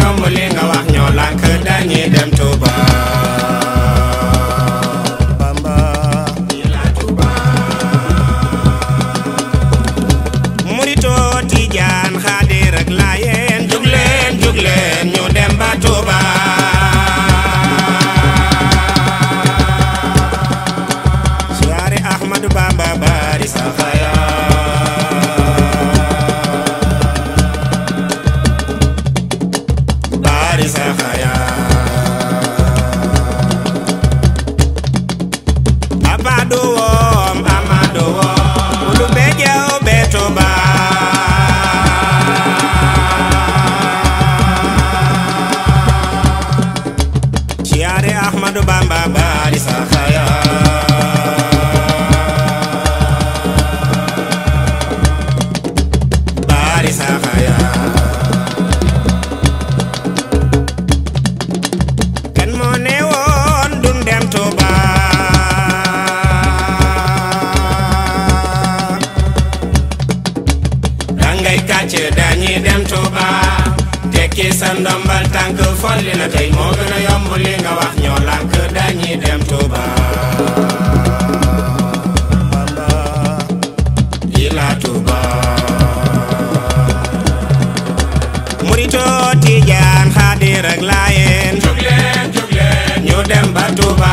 yomb li nga wax ñoo lànk dañuy dem Tuuba yaari Ahmadu Bamba baari saxaya baari saxaya kan moo woon dun dem Tuuba dangay kàcce dañuy dem Tuuba tekki sa ndombal tànk folli la tey moo gën a yomb li nga wax ñoo lànk dañuy dem Touba ila Touba murito tijaan xaadir ak laayeen jóg leen jóg leen ñu dem ba Touba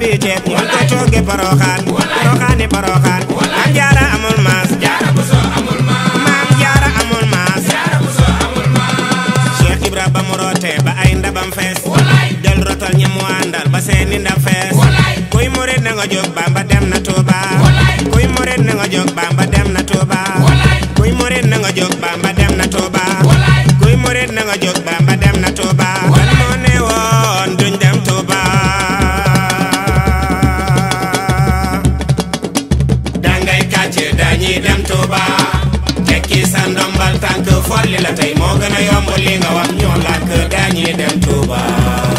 bi ceeb mun ko cooge Maam Jaara amul maas Maam Jaara amul maas Cheikh Ibra ba mu rootee ba ay ndabam fees del rotal ñi mu àndal ba seeni ndab fees kuy murit na nga jóg Bamba dem na Tuuba kuy murit na nga jóg Bamba dem na Tuuba kuy murit na nga jóg Bamba dem na Tuuba mujj dañuy dem Touba tekki sa ndombal tànk folli la tey moo gën a yomb li nga wax ñoo làkk dañuy dem Touba